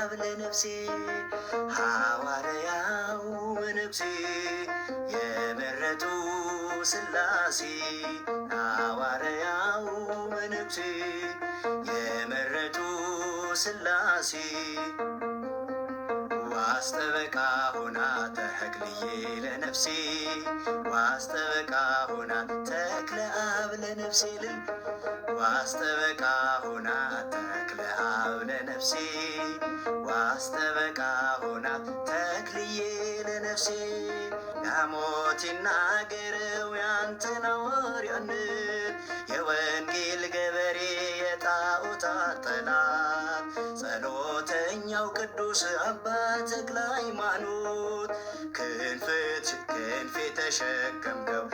አብለ ነፍሴ ሐዋርያው ነፍሴ የመረጡ ስላሴ ሐዋርያው ነፍሴ የመረጡ ስላሴ ዋስጠበቃ ሆና ተክልዬ ለነፍሴ ዋስጠበቃ ሆና ተክለ አብ ለነፍሴ ልል ዋስጠበቃ ሆና ተክለ አብ ለነፍሴ ዋስጠበቃ ሆና ተክልዬ ለነፍሴ ያሞት ይናገረው ያንተ ነው የወንጌል ገበሬ የጣዖታት ጠላት ጸሎተኛው ቅዱስ አባ ተክለ ሃይማኖት ክንፍት ክንፌ የተሸከምከው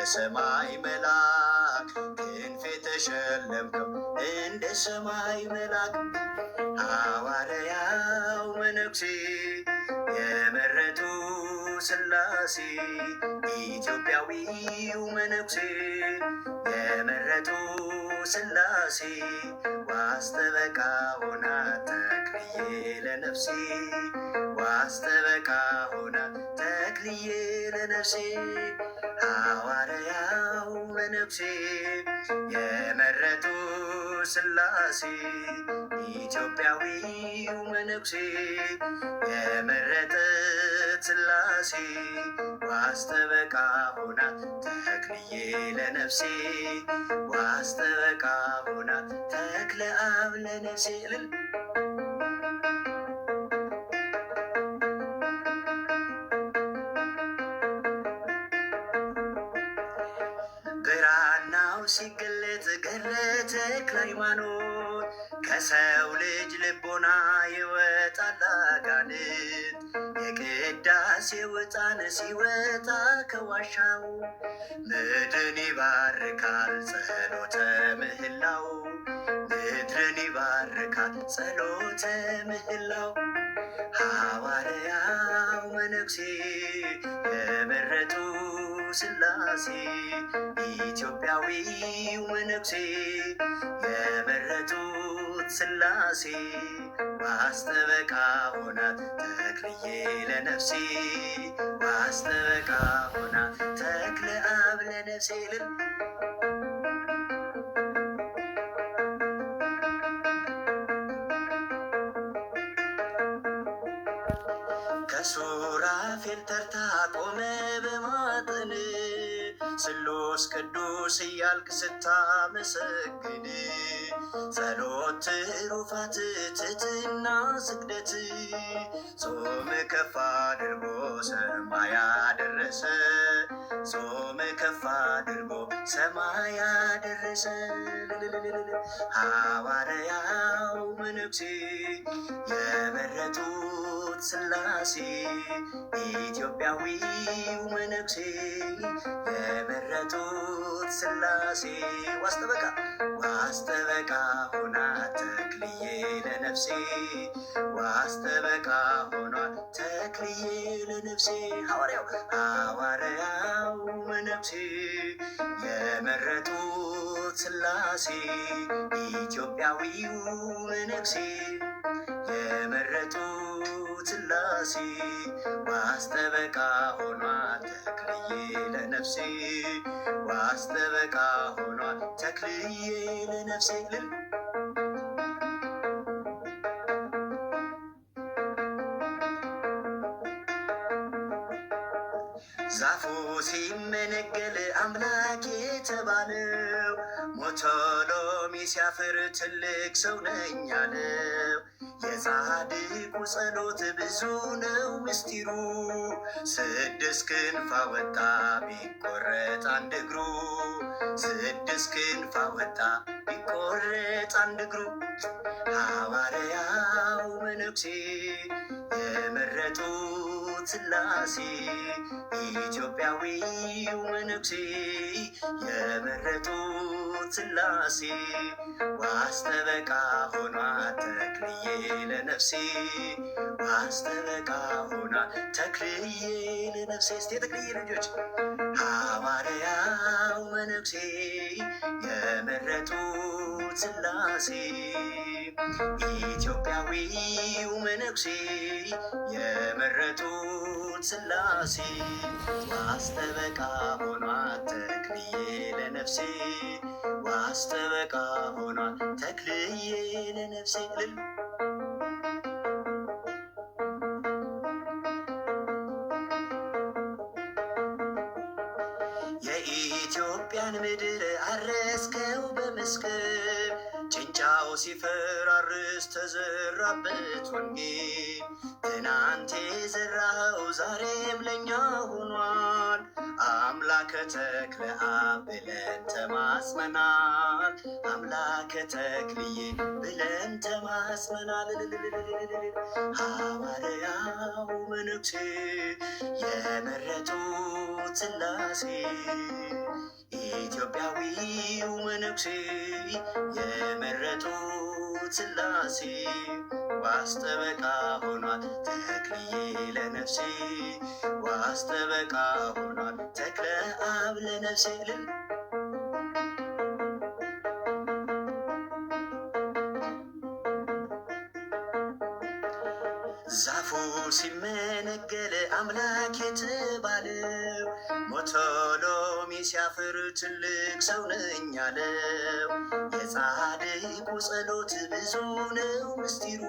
የሰማይ መልአክ ክንፍ ተሸለምከው እንደ ሰማይ መላክ ሐዋርያው መነኩሴ የመረጡ ስላሴ ኢትዮጵያዊው መነኩሴ የመረጡ ስላሴ ዋስጠበቃ ሆና ተክልዬ ለነፍሴ ዋስጠበቃ ሆና ተክልዬ ለነፍሴ ሐዋርያው በነፍሴ የመረጡ ስላሴ ኢትዮጵያዊው መነኩሴ የመረጠ ስላሴ ዋስተበቃ ሆናት ተክልዬ ለነፍሴ ዋስተበቃ ሆናት ተክለ አብ ለነፍሴ ሃይማኖት ከሰው ልጅ ልቦና ይወጣል አጋንንት የቅዳሴው ውጣን ሲወጣ ከዋሻው ምድርን ይባርካል ጸሎተ ምህላው ምድርን ይባርካል ጸሎተ ምህላው ሐዋርያው መነኩሴ የምረ ስላሴ ኢትዮጵያዊ መነኩሴ የመረጡት ስላሴ ማስጠበቃ ሆናት ተክልዬ ለነፍሴ ማስጠበቃ ሆናት ተክለ አብ ለነፍሴ ልል ከሱ ሱራፌል ተርታ ቆመ በማጠን ስሉስ ቅዱስ እያልክ ስታመሰግን ጸሎት ሩፋት ትትና ስግደት ጾም ከፍ አድርጎ ሰማይ ያደረሰ ጾመ ከፍ አድርጎ ሰማይ ያደረሰ ሐዋርያው መነኩሴ የመረጡት ሥላሴ ኢትዮጵያዊው መነኩሴ የመረጡት ስላሴ ዋስተበቃ ዋስተበቃ ሆና ተክልዬ ለነፍሴ ዋስተበቃ ሆኗል ተክልዬ ለነፍሴ ሐዋርያው ሐዋርያው መነፍሴ የመረጡት ስላሴ ኢትዮጵያዊው መነፍሴ የመረጡ ስላሴ ዋስጠበቃ ሆኗል ተክልዬ ለነፍሴ ዋስጠበቃ ሆኗል ተክልዬ ለነፍሴ ልል ዛፉ ሲመነገል አምላክ የተባለው ሞቶሎሚ ሲያፍር ትልቅ ሰው ነኝ አለው። የጻድቁ ጸሎት ብዙ ነው ምስጢሩ። ስድስት ክንፍ አወጣ ቢቆረጥ አንድ እግሩ፣ ስድስት ክንፍ አወጣ ቢቆረጥ አንድ እግሩ ሐዋርያው መነኩሴ የመረጡት ስላሴ ኢትዮጵያዊው መነኩሴ የመረጡት ስላሴ ዋስተበቃ ሆኗ ተክልዬ ለነፍሴ ዋስጠበቃ ሆኗ ተክልዬ ለነፍሴ ስ ተክልዬ ልጆች ሐዋርያው መነኩሴ የመረጡት ስላሴ ኢትዮጵያዊው መነኩሴ የመረጡት ስላሴ ዋስጠበቃ ሆኗል ተክልዬ ለነፍሴ ዋስጠበቃ ሆኗል ተክልዬ ለነፍሴ የኢትዮጵያን ምድር አረስከው በመስከረም ጭንጫው ሲፈራርስ ተዘራበት ወንጌል ትናንት የዘራኸው ዛሬም ለእኛ ሆኗል። አምላከ ተክለ አብ ብለን ተማስመናል። አምላከ ተክልዬ ብለን ተማስመናል። ሐዋርያው መነኩሴ የመረጡት ስላሴ ኢትዮጵያዊው መነኩሴ የመረጡት ሥላሴ ዋስጠበቃ ሆኗል ተክልዬ ለነፍሴ ዋስጠበቃ ሆኗል ስዕልን ዛፉ ሲመነገል አምላክ የተባለው ሞቶሎሚ ሲያፍር ትልቅ ሰው ነኝ አለው። የጻድቁ ጸሎት ብዙ ነው ምስጢሩ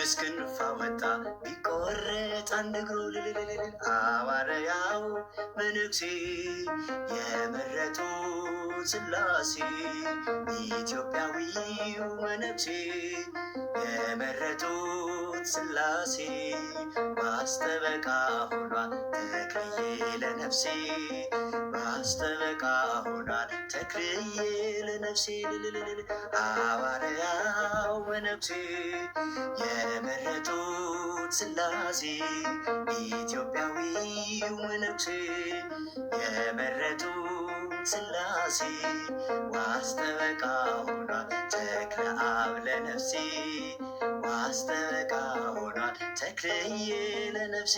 ቅዱስ ክንፋ መጣ ቢቆረጥ አንድ እግሩ ልልልልል ሐዋርያው መነኩሴ የመረጡ ስላሴ ኢትዮጵያዊው መነኩሴ የመረጡት ስላሴ ማስጠበቃ ሆኗ ተክዬ ለነፍሴ ራስ ጠበቃ ሆኗል ተክልዬ ለነፍሴ ልልልል ሐዋርያው መነኩሴ የመረጡት ሥላሴ ኢትዮጵያዊው መነኩሴ የመረጡት ሥላሴ ዋስ ጠበቃ ሆኗል ተክለ አብ ለነፍሴ ዋስ ጠበቃ ሆኗል ተክልዬ ለነፍሴ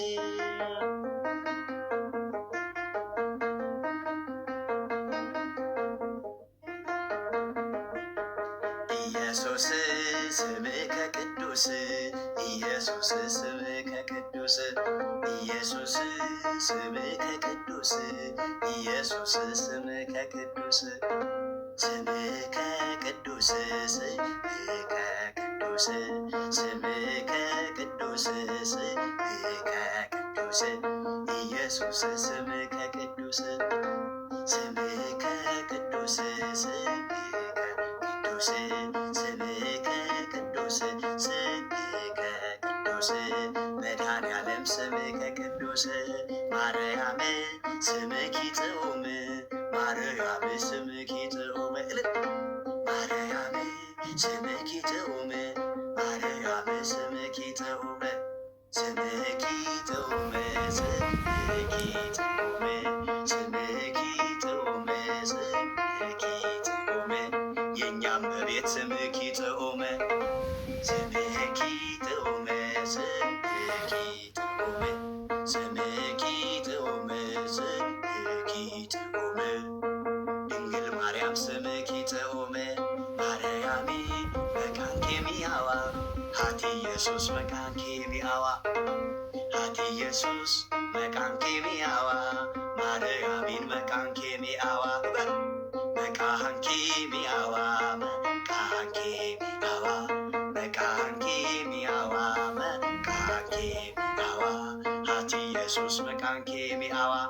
ኢየሱስ ስብከ ቅዱስ ኢየሱስ ስብከ ቅዱስ ኢየሱስ ስብከ ቅዱስ ስብከ ቅዱስ ስብከ ቅዱስ ስብከ ቅዱስ ስብከ ቅዱስ ኢየሱስ ስብከ ቅዱስ ስምኪ Jesus, me can't give you awa. Jesus, me can't awa. Mare me can't awa. Me can't awa. Me can't awa. Me can't awa. Me can't give me awa. Jesus, me can't awa.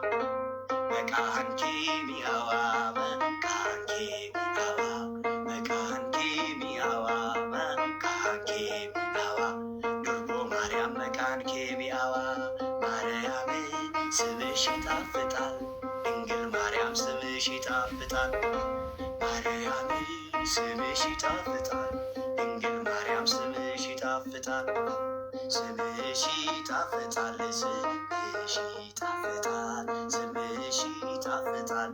Me can't awa. Me can't awa. Me can't awa. ይጣፍጣል ማርያም ስምሽ ይጣፍጣል ድንግል ማርያም ስምሽ ይጣፍጣል ስምሽ ይጣፍጣል ስምሽ ይጣፍጣል ስምሽ ይጣፍጣል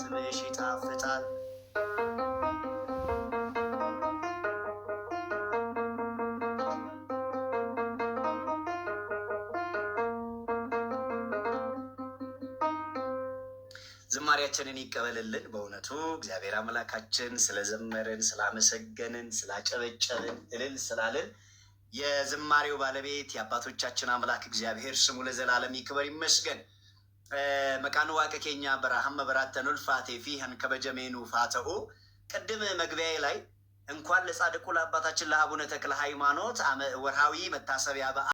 ስምሽ ይጣፍጣል። ዝማሪያችንን ይቀበልልን። በእውነቱ እግዚአብሔር አምላካችን ስለዘመርን፣ ስላመሰገንን፣ ስላጨበጨብን፣ እልል ስላልን የዝማሬው ባለቤት የአባቶቻችን አምላክ እግዚአብሔር ስሙ ለዘላለም ይክበር ይመስገን። መቃን ዋቀ ኬኛ በረሃም መበራተኑል ፋቴ ፊህን ከበጀሜኑ ፋተሁ ቅድም መግቢያዬ ላይ እንኳን ለጻድቁ ለአባታችን ለአቡነ ተክለ ሃይማኖት ወርሃዊ መታሰቢያ በዓል